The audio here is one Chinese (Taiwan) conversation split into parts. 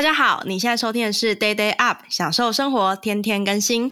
大家好，你現在收聽的是 Day Day Up，享受生活，天天更新。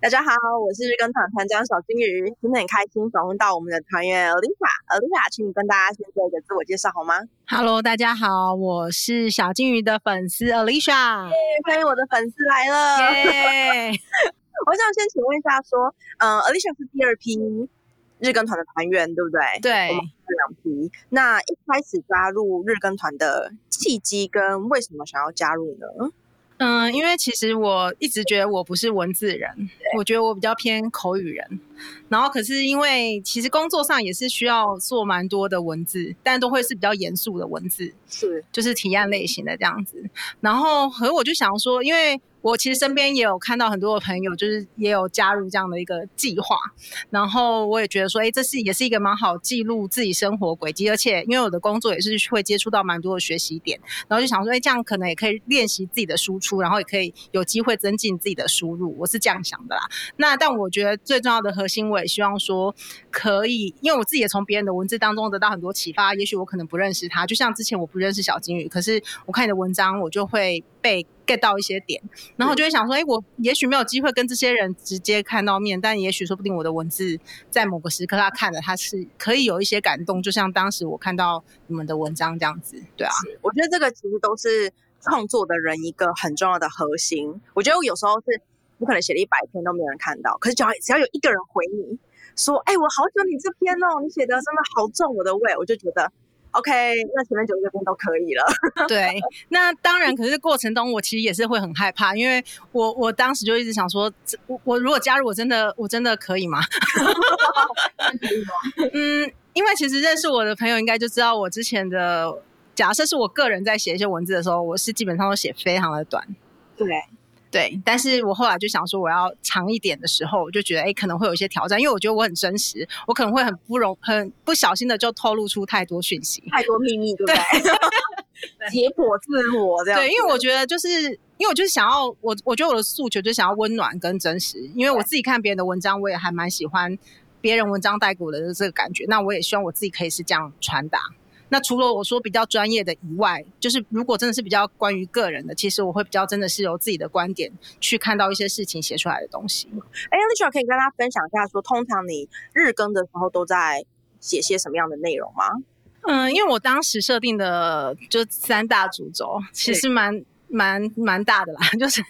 大家好，我是日更團團長小金魚，今天很開心訪問到我們的團員 Alicia，Alicia 請你跟大家先做一個自我介紹好嗎？Hello，大家好，我是小金魚的粉絲 Alicia，、hey，歡迎我的粉絲來了。Yeah. 我想先請問一下，說，呃 Alicia 是第二批日更團的團員，對不對？對，兩批。那一開始加入日更團的契機跟為什麼想要加入呢？嗯、呃，因為其實我一直覺得我不是文字人，對我覺得我比較偏口語人。然後可是因為其實工作上也是需要做蠻多的文字，但都會是比較嚴肅的文字，是，就是體驗類型的這樣子。然後和我就想說，因為。我其實身邊也有看到很多的朋友，就是也有加入這樣的一個計劃，然後我也覺得說，哎，這是也是一個蠻好記錄自己生活軌跡，而且因為我的工作也是會接觸到蠻多的學習點，然後就想說，哎，這樣可能也可以練習自己的輸出，然後也可以有機會增進自己的輸入，我是這樣想的啦。那但我覺得最重要的核心，我也希望說可以，因為我自己也從別人的文字當中得到很多啟發，也許我可能不認識他，就像之前我不認識小金魚，可是我看你的文章，我就會被。get 到一些點，然後就會想說，誒、欸，我也許沒有機會跟這些人直接看到面，但也許說不定我的文字在某個時刻他看了，他是可以有一些感動。就像當時我看到你們的文章這樣子，對啊，我覺得這個其實都是創作的人一個很重要的核心。我覺得我有時候是不可能寫了一百篇都沒人看到，可是只要只要有一個人回你說，誒、欸，我好喜歡你這篇哦，你寫的真的好重，我的胃，我就覺得。OK，那前面九月份都可以了。 對，那當然，可是過程中我其實也是會很害怕，因為我我當時就一直想說，我，我如果加入，我真的，我真的可以嗎？ 可以嗎？嗯，因為其實認識我的朋友應該就知道我之前的假設是我個人在寫一些文字的時候，我是基本上都寫非常的短。對。對，但是我後來就想說，我要長一點的時候，我就覺得，哎，可能會有一些挑戰，因為我覺得我很真實，我可能會很不容、很不小心的就透露出太多訊息、太多秘密，對不對？解剖 對自我這樣。對，因為我覺得，就是因為我就是想要，我我覺得我的訴求就想要溫暖跟真實，因為我自己看別人的文章，我也還蠻喜歡別人文章帶給我的這個感覺，那我也希望我自己可以是這樣傳達。那除了我說比較專業的以外，就是如果真的是比較關於個人的，其實我會比較真的是由自己的觀點去看到一些事情寫出來的東西。哎 Alicia 可以跟大家分享一下說，說通常你日更的時候都在寫些什麼樣的內容嗎？嗯，因為我當時設定的就三大主軸，其實蠻蠻蠻大的啦，就是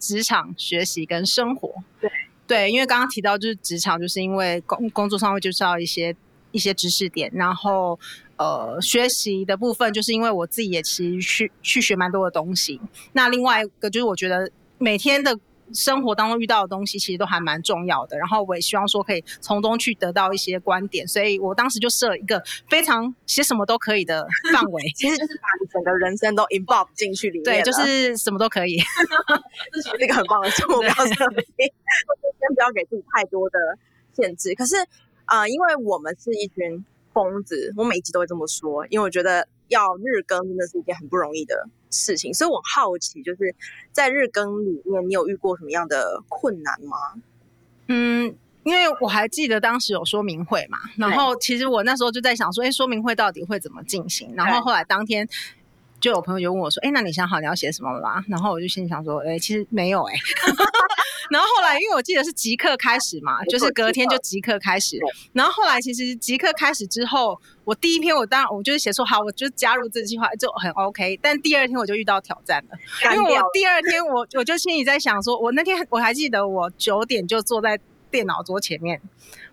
職場、學習跟生活。對對，因為剛剛提到就是職場，就是因為工工作上會介紹一些。一些知識點，然後，呃，學習的部分，就是因為我自己也其實去去學蠻多的東西。那另外一個就是，我覺得每天的生活當中遇到的東西，其實都還蠻重要的。然後我也希望說，可以從中去得到一些觀點。所以我當時就設了一個非常寫什麼都可以的範圍， 其實就是把你整個人生都 involve 進去裡面。對，就是什麼都可以， 這是一個很棒的目標設定。對 我先不要給自己太多的限制，可是。啊、呃，因為我們是一群瘋子，我每一集都會這麼說，因為我覺得要日更真的是一件很不容易的事情，所以我好奇，就是在日更裡面，你有遇過什麼樣的困難嗎？嗯，因為我還記得當時有說明會嘛，然後其實我那時候就在想說，哎、欸，說明會到底會怎麼進行？然後後來當天就有朋友就問我說，哎、欸，那你想好你要寫什麼了嗎？然後我就心裡想說，哎、欸，其實沒有、欸，哎。 然後後來，因為我記得是即刻開始嘛，就是隔天就即刻開始。然後後來其實即刻開始之後，我第一天我當然我就是寫說好，我就加入這計劃就很 OK。但第二天我就遇到挑戰了，因為我第二天我我就心裡在想說，我那天我還記得我九點就坐在電腦桌前面，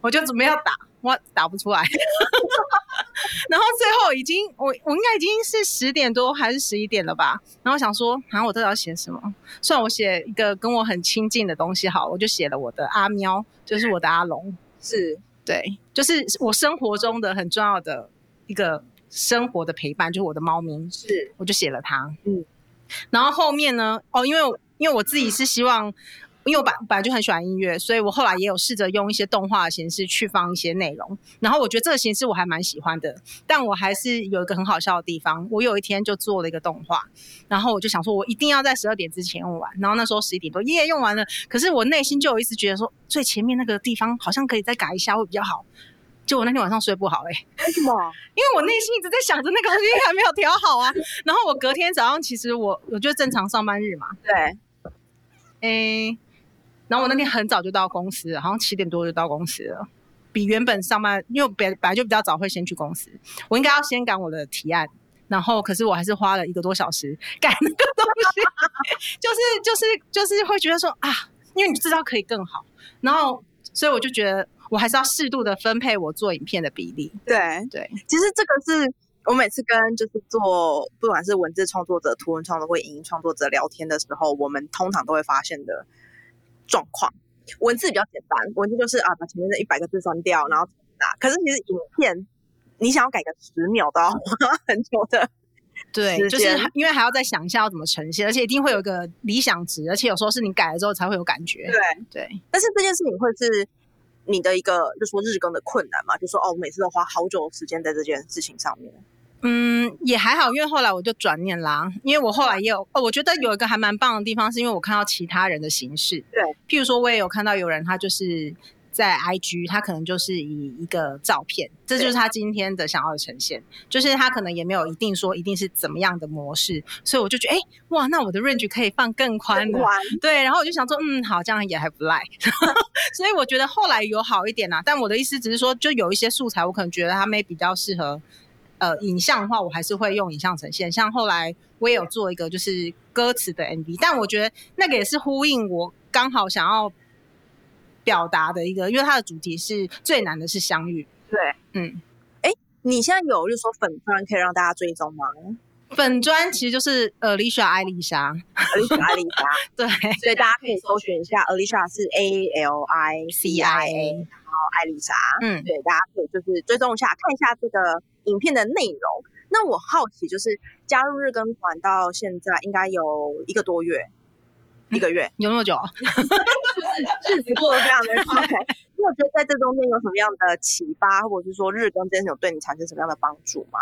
我就準備要打。我打不出來， 然後最後已經我我應該已經是十點多還是十一點了吧？然後想說，然後我都、啊、要寫什麼？算我寫一個跟我很親近的東西好了，我就寫了我的阿喵，就是我的阿龍，是對，就是我生活中的很重要的一個生活的陪伴，就是我的貓咪，是，我就寫了它。嗯，然後後面呢？哦，因為因為我自己是希望。因為我本本來就很喜歡音樂，所以我後來也有試着用一些動畫的形式去放一些內容。然後我覺得這個形式我還蠻喜歡的。但我還是有一個很好笑的地方，我有一天就做了一個動畫，然後我就想說，我一定要在十二點之前用完。然後那時候十一點多，耶，用完了。可是我內心就有一直覺得說，最前面那個地方好像可以再改一下，會比較好。就我那天晚上睡不好誒，欸，為什麼？ 因為我內心一直在想着那個東西還沒有調好啊。然後我隔天早上，其實我我就正常上班日嘛，對，誒然後我那天很早就到公司，好像七點多就到公司了，比原本上班，因為本來本來就比較早會先去公司。我應該要先趕我的提案，然後可是我還是花了一個多小時趕那個東西， 就是就是就是會覺得說啊，因為你知道可以更好。然後所以我就覺得我還是要適度的分配我做影片的比例。對對，對其實這個是我每次跟就是做不管是文字創作者、圖文創作者或影音創作者聊天的時候，我們通常都會發現的。狀況，文字比較簡單，文字就是啊，把前面的一百個字刪掉，然後拿。可是其實影片，你想要改個十秒都要花很久的，對，就是因為還要再想一下要怎麼呈現，而且一定會有一個理想值，而且有時候是你改了之後才會有感覺。對對。對但是這件事情會是你的一個，就說日更的困難嘛，就說哦，每次都花好久時間在這件事情上面。嗯，也還好，因為後來我就轉念啦、啊，因為我後來也有對哦，我覺得有一個還蠻棒的地方，是因為我看到其他人的形式，對，譬如說我也有看到有人他就是在 IG，他可能就是以一個照片，對這就是他今天的想要的呈現，就是他可能也沒有一定說一定是怎麼樣的模式，所以我就覺得，哎、欸，哇，那我的 range 可以放更寬的，寬對，然後我就想說，嗯，好，這樣也還不賴， 所以我覺得後來有好一點啦、啊，但我的意思只是說，就有一些素材我可能覺得他沒比較適合。呃，影像的話，我還是會用影像呈現。像後來我也有做一個，就是歌詞的 MV 對。但我覺得那個也是呼應我剛好想要表達的一個，因為它的主題是最難的是相遇。對，嗯，哎、欸，你現在有就是說粉專可以讓大家追蹤嗎？粉專其實就是 Alicia、嗯、艾莉莎，Alicia 艾莉莎。對，所以大家可以搜尋一下，Alicia 是 A L、I C I、A L I C I A，莉、嗯、然後艾莉莎。嗯，對，大家可以就是追蹤一下，看一下這個。影片的內容，那我好奇就是加入日更團到現在應該有一個多月，嗯、一個月有那麼久？啊， 日子過了非常的快。 你有覺得在這中間有什麼樣的啟發，或者是說日更這有對你產生什麼樣的幫助嗎？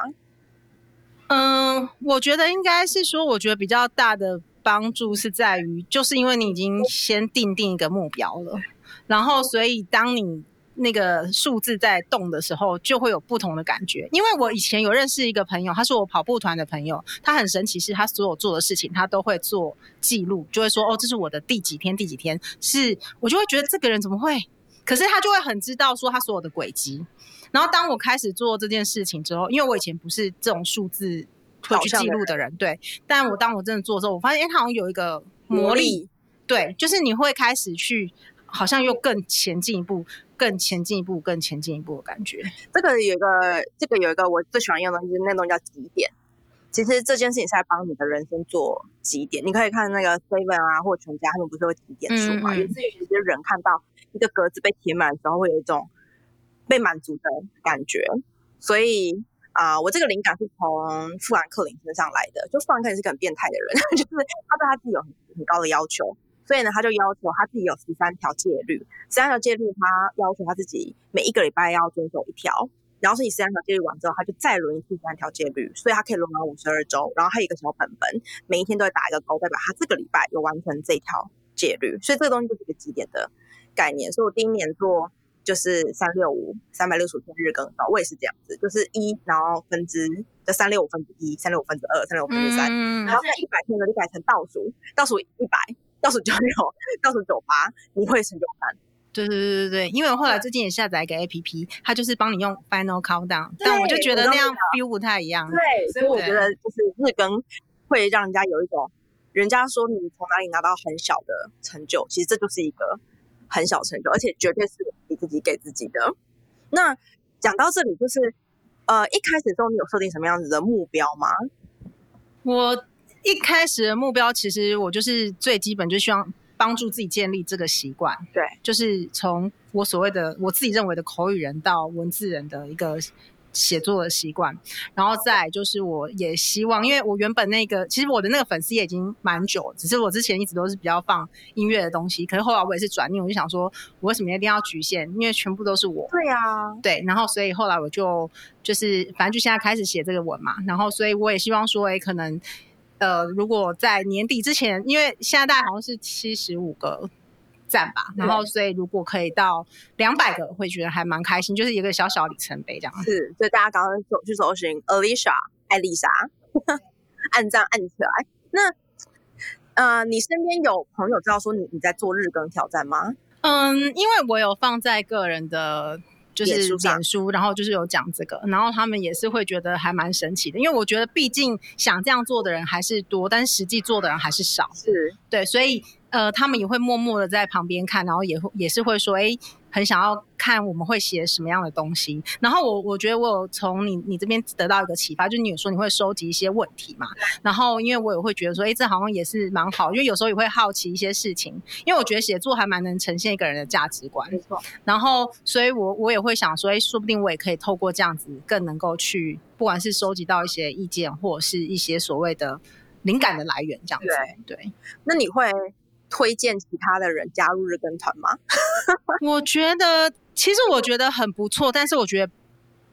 嗯，我覺得應該是說，我覺得比較大的幫助是在於，就是因為你已經先定定一個目標了，嗯、然後所以當你。那個數字在動的時候，就會有不同的感覺。因為我以前有認識一個朋友，他是我跑步團的朋友，他很神奇，是他所有做的事情他都會做記錄，就會說：“哦，這是我的第幾天，第幾天。”是，我就會覺得這個人怎麼會？可是他就會很知道說他所有的軌跡。然後當我開始做這件事情之後，因為我以前不是這種數字會去記錄的人，的人對。但我當我真的做之後，我發現，誒，他好像有一個魔力，魔力對，就是你會開始去。好像又更前進一步，更前進一步，更前進一步的感覺。嗯、這個有一個，這個有一個我最喜歡用的就是那種、個、叫集點。其實這件事情是在幫你的人生做集點。你可以看那個 Seven 啊，或全家他們不是會集點數嘛？以至於一些人看到一個格子被填滿時候，會有一種被滿足的感覺。嗯、所以啊、呃，我這個靈感是從富蘭克林身上來的。就富蘭克林是個很變態的人， 就是他對他自己有很，很高的要求。所以呢，他就要求他自己有十三條戒律，十三條戒律他要求他自己每一個禮拜要遵守一條，然後是以十三條戒律完之後，他就再輪一次十三條戒律，所以他可以輪到五十二周。然後他有一個小本本，每一天都會打一個勾，代表他這個禮拜有完成這條戒律。所以這個東西就是一個集點的概念。所以我第一年做就是三六五三百六十五天日更高，我也是這樣子，就是一然後分之就三六五分之一，三六五分之二，三六五分之三，嗯嗯、然後一百天的就改成倒數，倒數一百。倒數九六，倒數九八，不會成就感。對對對對對，因為我後來最近也下載一個 A P P，它就是幫你用 Final Countdown，對但我就覺得那樣、啊、feel 不太一樣。對，所以我覺得就是日更會讓人家有一種，啊、人家說你從哪裡拿到很小的成就，其實這就是一個很小成就，而且絕對是你自己給自己的。那講到這裡，就是呃，一開始時候你有設定什麼樣子的目標嗎？我。一開始的目標，其實我就是最基本，就是希望幫助自己建立這個習慣。對，就是從我所謂的我自己認為的口語人到文字人的一個寫作的習慣。然後再就是，我也希望，因為我原本那個其實我的那個粉絲也已經蠻久，只是我之前一直都是比較放音樂的東西。可是後來我也是轉念，我就想說，我為什麼一定要局限？因為全部都是我。對啊，對。然後所以後來我就就是反正就現在開始寫這個文嘛。然後所以我也希望說，哎，可能。呃，如果在年底之前，因為現在大概好像是七十五個讚吧，嗯、然後所以如果可以到兩百個，會覺得還蠻開心，就是一個小小里程碑這樣。是，所以大家剛剛就走去搜尋 Alicia 艾莉莎，Alisa, 呵呵按讚按起來。那呃，你身邊有朋友知道說你你在做日更挑戰嗎？嗯，因為我有放在個人的。就是臉書，然後就是有講這個，然後他們也是會覺得還蠻神奇的，因為我覺得畢竟想這樣做的人還是多，但實際做的人還是少，是對，所以呃，他們也會默默的在旁邊看，然後也會也是會說，誒、欸。很想要看我們會寫什麼樣的東西，然後我我覺得我有從你你這邊得到一個啟發，就是你有說你會收集一些問題嘛，然後因為我也會覺得說，哎、欸，這好像也是蠻好，因為有時候也會好奇一些事情，因為我覺得寫作還蠻能呈現一個人的價值觀，沒錯。然後，所以我我也會想說，哎、欸，說不定我也可以透過這樣子更能夠去，不管是收集到一些意見，或者是一些所謂的靈感的來源，這樣子。對，對，那你會？推薦其他的人加入日更團嗎？ 我覺得其實我覺得很不錯，但是我覺得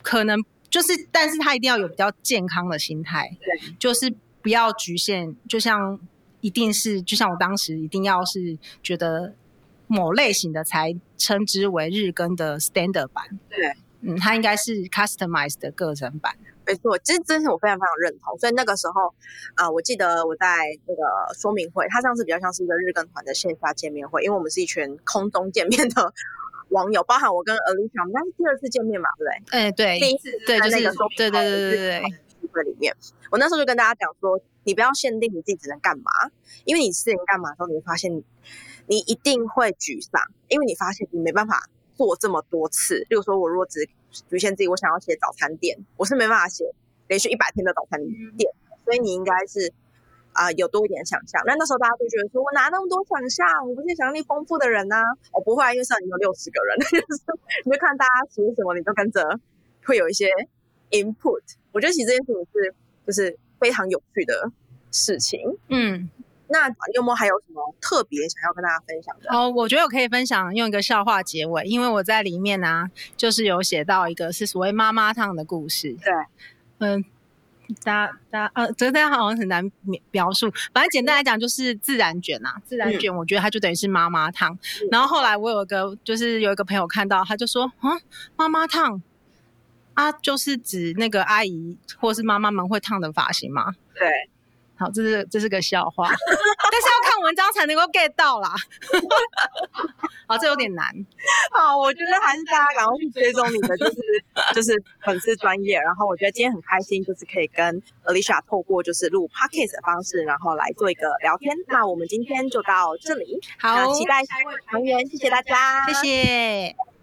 可能就是，但是他一定要有比較健康的心態，對，就是不要局限，就像一定是，就像我當時一定要是覺得某類型的才稱之為日更的 standard 版，對，嗯，他應該是 customized 的個人版。沒錯，這真是我非常非常認同，所以那個時候，啊、呃，我記得我在那個說明會，它上次比較像是一個日更團的線下見面會，因為我們是一群空中見面的網友，包含我跟 Alicia 我們應該是第二次見面嘛，對不對？哎、欸，對，第一次對就是對對。對。在裡面，我那時候就跟大家講說，你不要限定你自己只能幹嘛，因為你限定幹嘛的時候，你會發現你，你一定會沮喪，因為你發現你沒辦法做這麼多次，比如說我如果只侷限自己，我想要寫早餐店，我是沒辦法寫連續一百天的早餐店，嗯、所以你應該是啊、呃、有多一點想象那那時候大家都覺得說我哪那麼多想象？我不是想象力豐富的人啊，我不會，因為上你有六十個人、 就是，你就看大家寫什麼，你就跟着會有一些 input。我覺得其實這件事情是就是非常有趣的事情，嗯。那有沒有還有什麼特別想要跟大家分享的？哦，我覺得我可以分享用一個笑話結尾，因為我在裡面呢、啊，就是有寫到一個是所謂媽媽燙的故事。對，嗯、呃，大家，大家，呃，這好像很難描述，反正簡單來講就是自然捲啊，自然捲，我覺得它就等於是媽媽燙。嗯、然後後來我有一個，就是有一個朋友看到，他就說：“啊、嗯，媽媽燙啊，就是指那個阿姨或是媽媽們會燙的髮型嗎？”對。好，這是這是個笑話， 但是要看文章才能夠 get 到啦。 好，這有點難。好，好，我覺得還是大家趕快去追蹤你的，就是 就是粉絲專業。然後我覺得今天很開心，就是可以跟 Alicia 透過就是錄 podcast 的方式，然後來做一個聊天。好那我們今天就到這裡，好、嗯，期待下一位成員，謝謝大家，謝謝。